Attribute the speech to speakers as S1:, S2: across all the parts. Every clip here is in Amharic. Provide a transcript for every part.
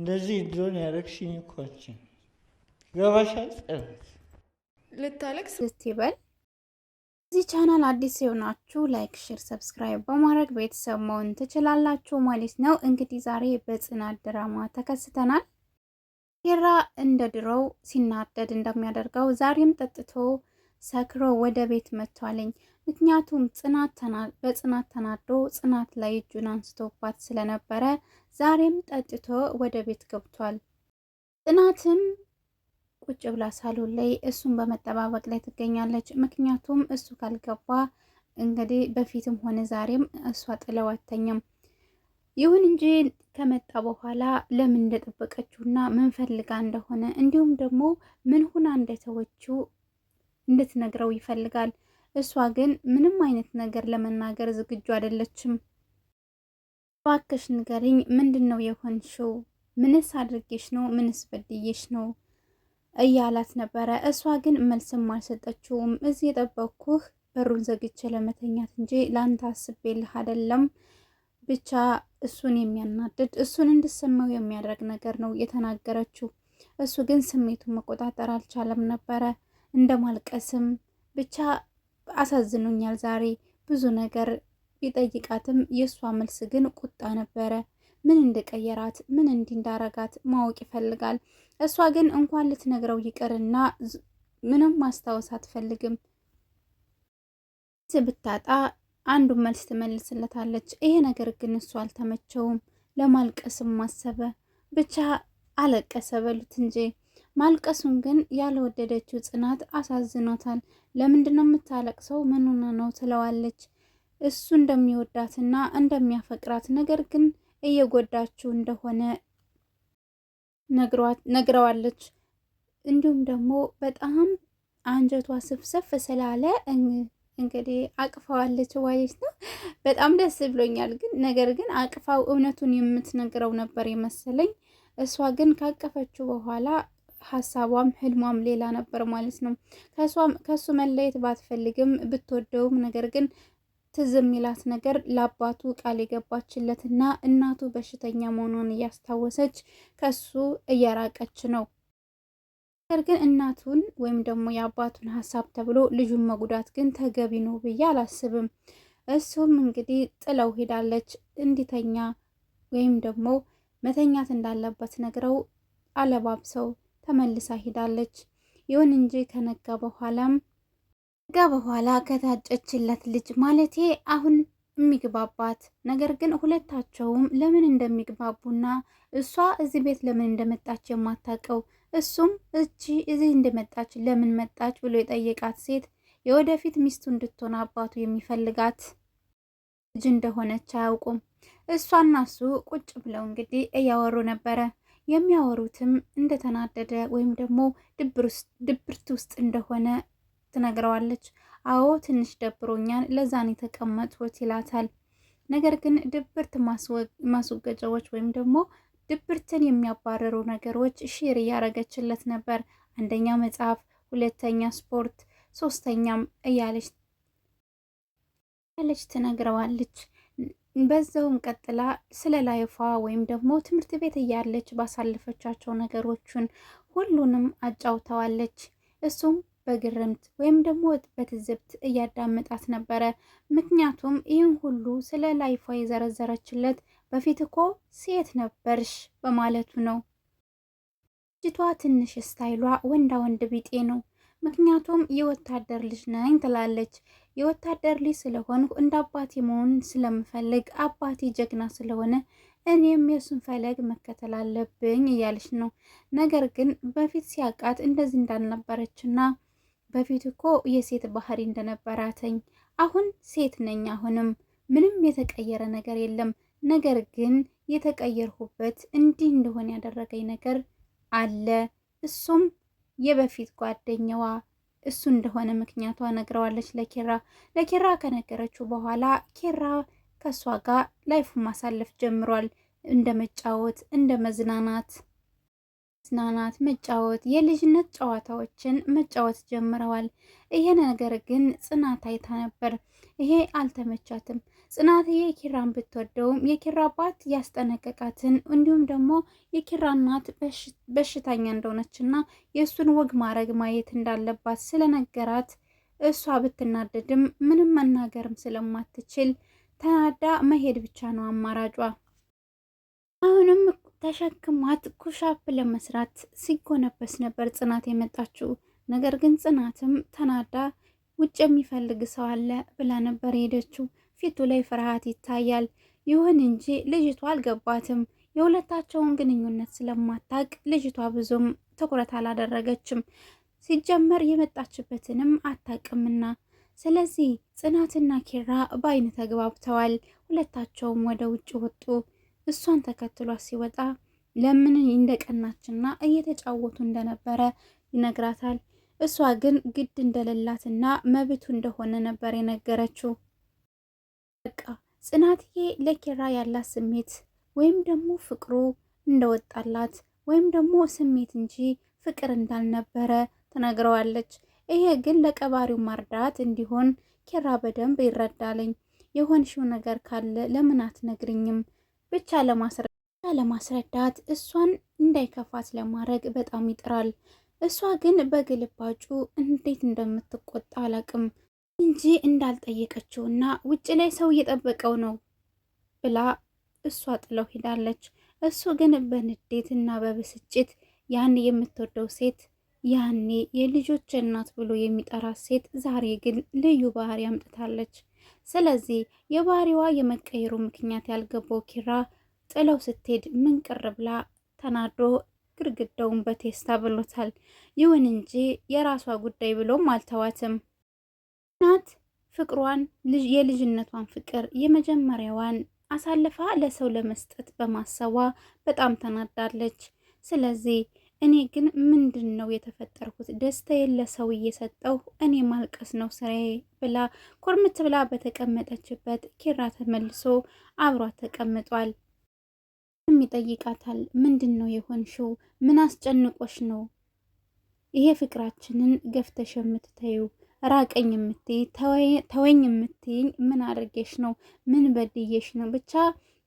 S1: እንደዚህ እድሮን ያረግሽኝ እኮ አንቺን ገባሻል። ጸበት ልታለቅስ እስቲ በል። እዚህ ቻናል አዲስ የሆናችሁ ላይክ፣ ሼር፣ ሰብስክራይብ በማድረግ ቤተሰብ መሆን ትችላላችሁ ማለት ነው። እንግዲህ ዛሬ በጽናት ድራማ ተከስተናል። ኪራ እንደ ድሮው ሲናደድ እንደሚያደርገው ዛሬም ጠጥቶ ሰክሮ ወደ ቤት መጥቷለኝ። ምክንያቱም ጽናት በጽናት ተናዶ ጽናት ላይ እጁን አንስቶባት ስለነበረ ዛሬም ጠጥቶ ወደ ቤት ገብቷል። ጽናትም ቁጭ ብላ ሳሎን ላይ እሱን በመጠባበቅ ላይ ትገኛለች። ምክንያቱም እሱ ካልገባ እንግዲህ በፊትም ሆነ ዛሬም እሷ ጥለው አተኝም። ይሁን እንጂ ከመጣ በኋላ ለምን እንደጠበቀችውና ምን ፈልጋ እንደሆነ እንዲሁም ደግሞ ምን ሁና እንደተወችው እንድትነግረው ይፈልጋል። እሷ ግን ምንም አይነት ነገር ለመናገር ዝግጁ አይደለችም። ባክሽ ንገሪኝ፣ ምንድን ነው የሆንሽው? ምንስ አድርጌሽ ነው? ምንስ በድዬሽ ነው? እያላት ነበረ። እሷ ግን መልስም አልሰጠችውም። እዚህ የጠበቅኩህ በሩን ዘግቼ ለመተኛት እንጂ ለአንተ አስቤልህ አይደለም። ብቻ እሱን የሚያናድድ እሱን እንድሰማው የሚያደርግ ነገር ነው የተናገረችው። እሱ ግን ስሜቱን መቆጣጠር አልቻለም ነበረ እንደ ማልቀስም ብቻ አሳዝኑኛል። ዛሬ ብዙ ነገር ቢጠይቃትም የእሷ መልስ ግን ቁጣ ነበረ። ምን እንደቀየራት ምን እንዲ እንዳረጋት ማወቅ ይፈልጋል። እሷ ግን እንኳን ልትነግረው ይቅርና ምንም ማስታወስ አትፈልግም። ብታጣ አንዱን መልስ ትመልስለታለች። ይሄ ነገር ግን እሱ አልተመቸውም። ለማልቀስም ማሰበ ብቻ አለቀሰ በሉት እንጂ ማልቀሱን ግን ያልወደደችው ጽናት አሳዝኖታል። ለምንድን ነው የምታለቅሰው? ምን ነው ትለዋለች። እሱ እንደሚወዳትና እንደሚያፈቅራት ነገር ግን እየጎዳችው እንደሆነ ነግረዋለች። እንዲሁም ደግሞ በጣም አንጀቷ ስፍሰፍ ስላለ እንግዲህ አቅፋዋለች ማለት ነው። በጣም ደስ ብሎኛል። ግን ነገር ግን አቅፋው እውነቱን የምትነግረው ነበር የመሰለኝ። እሷ ግን ካቀፈችው በኋላ ሀሳቧም ህልሟም ሌላ ነበር ማለት ነው። ከሱ መለየት ባትፈልግም ብትወደውም ነገር ግን ትዝ የሚላት ነገር ለአባቱ ቃል የገባችለት እናቱ በሽተኛ መሆኗን እያስታወሰች ከሱ እየራቀች ነው። ነገር ግን እናቱን ወይም ደግሞ የአባቱን ሀሳብ ተብሎ ልጁን መጉዳት ግን ተገቢ ነው ብዬ አላስብም። እሱም እንግዲህ ጥለው ሄዳለች። እንዲተኛ ወይም ደግሞ መተኛት እንዳለበት ነግረው አለባብሰው ተመልሳ ሂዳለች። ይሁን እንጂ ከነጋ በኋላም ነጋ በኋላ ከታጨችለት ልጅ ማለቴ አሁን የሚግባባት ነገር ግን ሁለታቸውም ለምን እንደሚግባቡና እሷ እዚህ ቤት ለምን እንደመጣች የማታውቀው እሱም እቺ እዚህ እንደመጣች ለምን መጣች ብሎ የጠየቃት ሴት የወደፊት ሚስቱ እንድትሆን አባቱ የሚፈልጋት ልጅ እንደሆነች አያውቁም። እሷና እሱ ቁጭ ብለው እንግዲህ እያወሩ ነበረ። የሚያወሩትም እንደተናደደ ወይም ደግሞ ድብርት ውስጥ እንደሆነ ትነግረዋለች። አዎ ትንሽ ደብሮኛል፣ ለዛን የተቀመጥኩት ይላታል። ነገር ግን ድብርት ማስወገጃዎች ወይም ደግሞ ድብርትን የሚያባረሩ ነገሮች ሼር እያረገችለት ነበር። አንደኛ መጽሐፍ፣ ሁለተኛ ስፖርት፣ ሶስተኛም እያለች ትነግረዋለች። በዛውም ቀጥላ ስለ ላይፏ ወይም ደግሞ ትምህርት ቤት እያለች ባሳለፈቻቸው ነገሮችን ሁሉንም አጫውተዋለች። እሱም በግርምት ወይም ደግሞ በትዝብት እያዳመጣት ነበረ። ምክንያቱም ይህን ሁሉ ስለ ላይፏ የዘረዘረችለት በፊት እኮ ሴት ነበርሽ በማለቱ ነው። ልጅቷ ትንሽ ስታይሏ ወንዳ ወንድ ቢጤ ነው። ምክንያቱም የወታደር ልጅ ነኝ ትላለች። የወታደር ልጅ ስለሆንኩ እንደ አባቴ መሆን ስለምፈልግ አባቴ ጀግና ስለሆነ እኔም የሱን ፈለግ መከተል አለብኝ እያለች ነው። ነገር ግን በፊት ሲያውቃት እንደዚህ እንዳልነበረችና በፊት እኮ የሴት ባህሪ እንደነበራተኝ አሁን ሴት ነኝ። አሁንም ምንም የተቀየረ ነገር የለም። ነገር ግን የተቀየርሁበት እንዲህ እንደሆነ ያደረገኝ ነገር አለ እሱም የበፊት ጓደኛዋ እሱ እንደሆነ ምክንያቷ ነግረዋለች ለኪራ። ለኪራ ከነገረችው በኋላ ኪራ ከእሷ ጋር ላይፉ ማሳለፍ ጀምሯል። እንደ መጫወት፣ እንደ መዝናናት መዝናናት፣ መጫወት፣ የልጅነት ጨዋታዎችን መጫወት ጀምረዋል። ይሄ ነገር ግን ጽናት አይታ ነበር። ይሄ አልተመቻትም። ጽናት የኪራን ብትወደውም የኪራ አባት ያስጠነቀቃትን እንዲሁም ደግሞ የኪራ እናት በሽታኛ እንደሆነችና የእሱን ወግ ማድረግ ማየት እንዳለባት ስለነገራት እሷ ብትናደድም ምንም መናገርም ስለማትችል ተናዳ መሄድ ብቻ ነው አማራጯ። አሁንም ተሸክሟት ኩሻፕ ለመስራት ሲጎነበስ ነበር ጽናት የመጣችው። ነገር ግን ጽናትም ተናዳ ውጭ የሚፈልግ ሰው አለ ብላ ነበር የሄደችው። ፊቱ ላይ ፍርሃት ይታያል። ይሁን እንጂ ልጅቷ አልገባትም። የሁለታቸውን ግንኙነት ስለማታቅ ልጅቷ ብዙም ትኩረት አላደረገችም። ሲጀመር የመጣችበትንም አታቅምና ስለዚህ ጽናትና ኪራ በአይን ተግባብተዋል። ሁለታቸውም ወደ ውጭ ወጡ። እሷን ተከትሏ ሲወጣ ለምን እንደቀናችና እየተጫወቱ እንደነበረ ይነግራታል። እሷ ግን ግድ እንደሌላትና መብቱ እንደሆነ ነበር የነገረችው። በቃ ጽናትዬ ለኪራ ያላት ስሜት ወይም ደግሞ ፍቅሩ እንደወጣላት ወይም ደግሞ ስሜት እንጂ ፍቅር እንዳልነበረ ትነግረዋለች። ይሄ ግን ለቀባሪው ማርዳት እንዲሆን ኪራ በደንብ ይረዳልኝ። የሆንሽው ነገር ካለ ለምን አትነግርኝም? ብቻ ለማስረዳት እሷን እንዳይከፋት ለማድረግ በጣም ይጥራል። እሷ ግን በግልባጩ እንዴት እንደምትቆጣ አላቅም። እንጂ እንዳልጠየቀችው እና ውጭ ላይ ሰው እየጠበቀው ነው ብላ እሷ ጥለው ሄዳለች። እሱ ግን በንዴት እና በብስጭት ያኔ የምትወደው ሴት ያኔ የልጆች እናት ብሎ የሚጠራት ሴት ዛሬ ግን ልዩ ባህሪ አምጥታለች። ስለዚህ የባህሪዋ የመቀየሩ ምክንያት ያልገባው ኪራ ጥለው ስትሄድ ምን ቅር ብላ ተናዶ ግድግዳውን በቴስታ ብሎታል። ይሁን እንጂ የራሷ ጉዳይ ብሎም አልተዋትም። ናት ፍቅሯን የልጅነቷን ፍቅር የመጀመሪያዋን አሳልፋ ለሰው ለመስጠት በማሰቧ በጣም ተናዳለች። ስለዚህ እኔ ግን ምንድን ነው የተፈጠርኩት? ደስታዬን ለሰው እየሰጠው እኔ ማልቀስ ነው ስራዬ ብላ ኮርምት ብላ በተቀመጠችበት ኪራ ተመልሶ አብሯት ተቀምጧል። ይጠይቃታል። ምንድን ነው የሆንሽው? ምን አስጨንቆሽ ነው ይሄ ፍቅራችንን ገፍተሽ ራቀኝ የምትይ ተወኝ የምትይኝ ምን አድርጌሽ ነው? ምን በድዬሽ ነው? ብቻ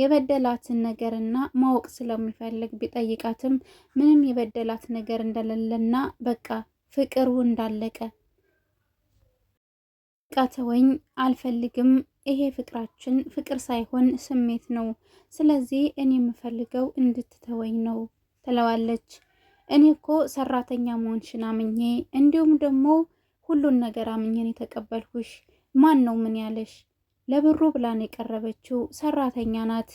S1: የበደላትን ነገርና ማወቅ ስለሚፈልግ ቢጠይቃትም ምንም የበደላት ነገር እንደሌለና በቃ ፍቅሩ እንዳለቀ ቃተወኝ አልፈልግም። ይሄ ፍቅራችን ፍቅር ሳይሆን ስሜት ነው። ስለዚህ እኔ የምፈልገው እንድትተወኝ ነው ትለዋለች። እኔ እኮ ሰራተኛ መሆንሽን አምኜ እንዲሁም ደግሞ ሁሉን ነገር አምኜን የተቀበልኩሽ ማን ነው ምን ያለሽ? ለብሩ ብላን የቀረበችው ሰራተኛ ናት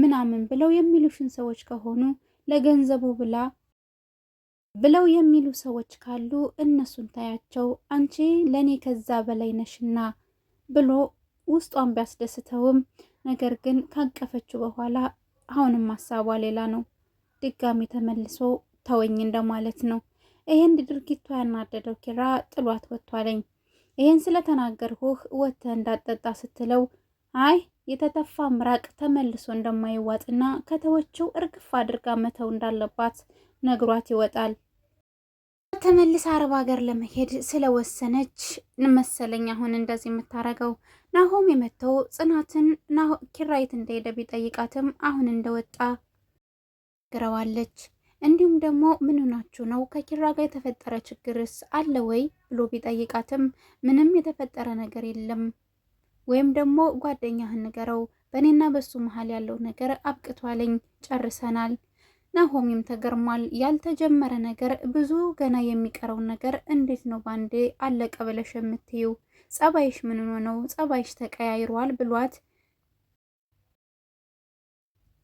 S1: ምናምን ብለው የሚሉሽን ሰዎች ከሆኑ ለገንዘቡ ብላ ብለው የሚሉ ሰዎች ካሉ እነሱን ታያቸው፣ አንቺ ለእኔ ከዛ በላይ ነሽና ብሎ ውስጧን ቢያስደስተውም ነገር ግን ካቀፈችው በኋላ አሁንም ሀሳቧ ሌላ ነው። ድጋሚ ተመልሶ ተወኝ እንደማለት ነው። ይህን ድርጊቷ ያናደደው ኪራ ጥሏት ወጥቷለኝ። ይህን ስለተናገርሁህ ወጥተህ እንዳጠጣ ስትለው አይ የተተፋ ምራቅ ተመልሶ እንደማይዋጥና ከተወችው እርግፍ አድርጋ መተው እንዳለባት ነግሯት ይወጣል። ተመልሳ አረብ ሀገር ለመሄድ ስለወሰነች መሰለኝ አሁን እንደዚህ የምታረገው። ናሆም የመተው ጽናትን ኪራይት እንደሄደ ቢጠይቃትም አሁን እንደወጣ ግረዋለች። እንዲሁም ደግሞ ምን ሆናችሁ ነው ከኪራ ጋር የተፈጠረ ችግርስ አለ ወይ ብሎ ቢጠይቃትም ምንም የተፈጠረ ነገር የለም ወይም ደግሞ ጓደኛህን ንገረው፣ በእኔና በሱ መሀል ያለው ነገር አብቅቷለኝ፣ ጨርሰናል። ናሆሚም ተገርሟል። ያልተጀመረ ነገር ብዙ ገና የሚቀረው ነገር እንዴት ነው ባንዴ አለቀ ብለሽ የምትይው? ጸባይሽ ምን ሆኖ ነው? ጸባይሽ ተቀያይሯል ብሏት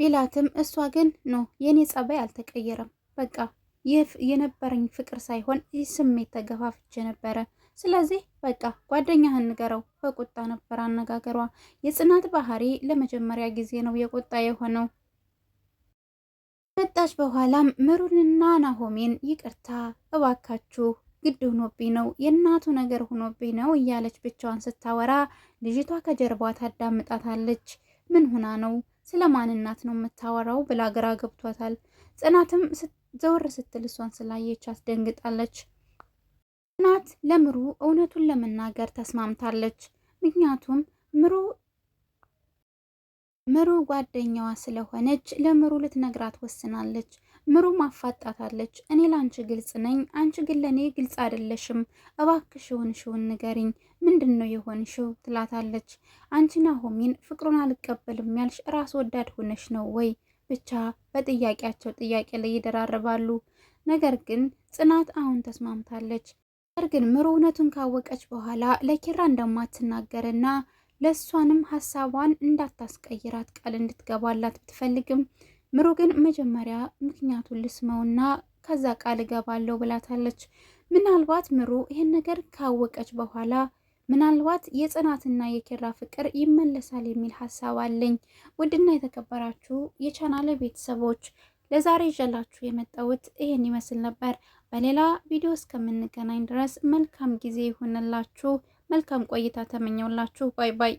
S1: ቢላትም እሷ ግን ኖ የኔ ጸባይ አልተቀየረም፣ በቃ የነበረኝ ፍቅር ሳይሆን ይህ ስሜት ተገፋፍቼ ነበረ። ስለዚህ በቃ ጓደኛህን ንገረው። በቁጣ ነበር አነጋገሯ። የጽናት ባህሪ ለመጀመሪያ ጊዜ ነው የቁጣ የሆነው። መጣች በኋላም ምሩንና ናሆሜን ይቅርታ እባካችሁ ግድ ሆኖብኝ ነው የእናቱ ነገር ሆኖብኝ ነው እያለች ብቻዋን ስታወራ ልጅቷ ከጀርባ ታዳምጣታለች። ምን ሆና ነው ስለ ማንናት ነው የምታወራው ብላ ግራ ገብቷታል። ጽናትም ዘወር ስትል እሷን ስላየች አስደንግጣለች። ጽናት ለምሩ እውነቱን ለመናገር ተስማምታለች። ምክንያቱም ምሩ ምሩ ጓደኛዋ ስለሆነች ለምሩ ልትነግራት ወስናለች። ምሩም አፋጣታለች። እኔ ለአንቺ ግልጽ ነኝ፣ አንቺ ግን ለእኔ ግልጽ አይደለሽም። እባክሽ የሆንሽውን ንገሪኝ፣ ምንድን ነው የሆንሽው? ትላታለች። አንቺ ናሆሚን ፍቅሩን አልቀበልም ያልሽ ራስ ወዳድ ሆነሽ ነው ወይ? ብቻ በጥያቄያቸው ጥያቄ ላይ ይደራረባሉ። ነገር ግን ጽናት አሁን ተስማምታለች። ነገር ግን ምሩ እውነቱን ካወቀች በኋላ ለኪራ እንደማትናገርና ለእሷንም ሀሳቧን እንዳታስቀይራት ቃል እንድትገባላት ብትፈልግም ምሩ ግን መጀመሪያ ምክንያቱን ልስመውና ከዛ ቃል እገባለሁ ብላታለች። ምናልባት ምሩ ይህን ነገር ካወቀች በኋላ ምናልባት የጽናትና የኪራ ፍቅር ይመለሳል የሚል ሀሳብ አለኝ። ውድና የተከበራችሁ የቻናል ቤተሰቦች ለዛሬ ይዤላችሁ የመጣሁት ይሄን ይመስል ነበር። በሌላ ቪዲዮ እስከምንገናኝ ድረስ መልካም ጊዜ ይሁንላችሁ። መልካም ቆይታ ተመኘውላችሁ። ባይ ባይ።